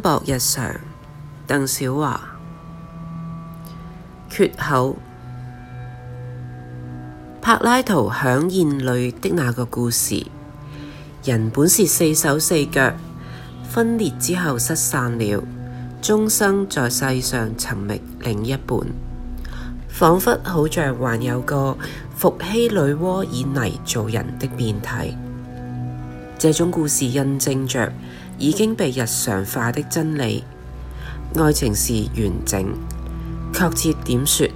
斑駁日常，鄧小樺。缺口。柏拉圖饗宴裏的那個故事，人本是四手四腳，分裂之後失散了，終生在世上尋覓另一半，仿佛好像還有個伏羲女媧以泥造人的變體，這種故事印證着，已經被日常化的真理，愛情是完整。確切點說，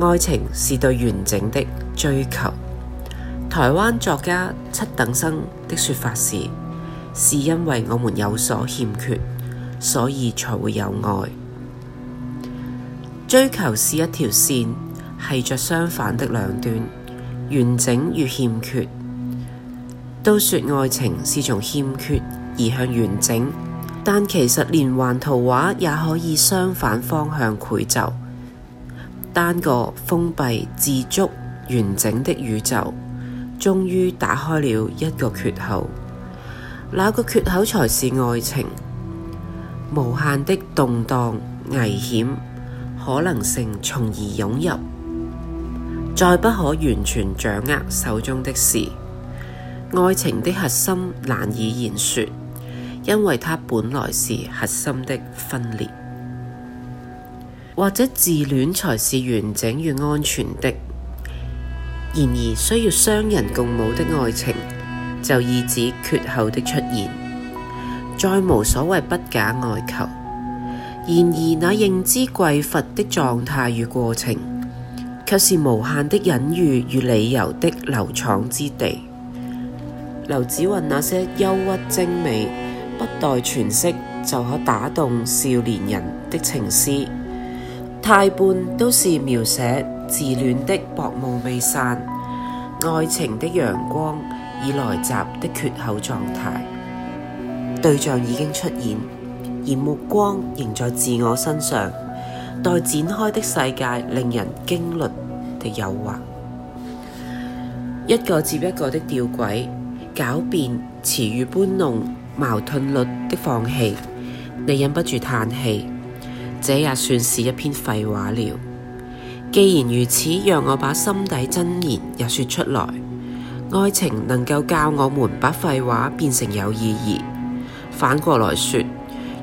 愛情是對完整的追求。台灣作家七等生的說法是：是因為我們有所欠缺，所以才會有愛。追求是一條線，繫着相反的兩端，完整與欠缺。都說愛情是從欠缺移向完整，但其實連環圖畫也可以相反方向繪就。單個封閉自足完整的宇宙，終於打開了一個缺口，那個缺口才是愛情，無限的動盪、危險、可能性，從而湧入，再不可完全掌握手中的事，愛情的核心難以言說。因為它本來是核心的分裂，或者自戀才是完整與安全的。然而，需要雙人共舞的愛情，就意指缺口的出現，再無所謂不假外求。然而，那認知匱乏的狀態與過程，卻是無限的隱喻與理由的流廠之地。劉子雲那些憂鬱精美。不待詮釋就可打動少年人的情思，太半都是描寫自戀的薄霧未散，愛情的陽光已來襲的缺口狀態。對象已經出現，而目光仍在自我身上，待展開的世界令人驚栗的誘惑。一個接一個的吊詭、狡辯、詞語搬弄。矛盾率的放棄，你忍不住嘆氣，這也算是一篇廢話了。既然如此，讓我把心底真言也說出來。愛情能夠教我們把廢話變成有意義。反過來說，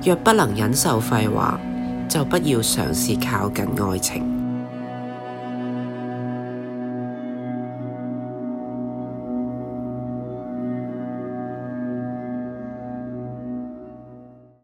若不能忍受廢話，就不要嘗試靠近愛情。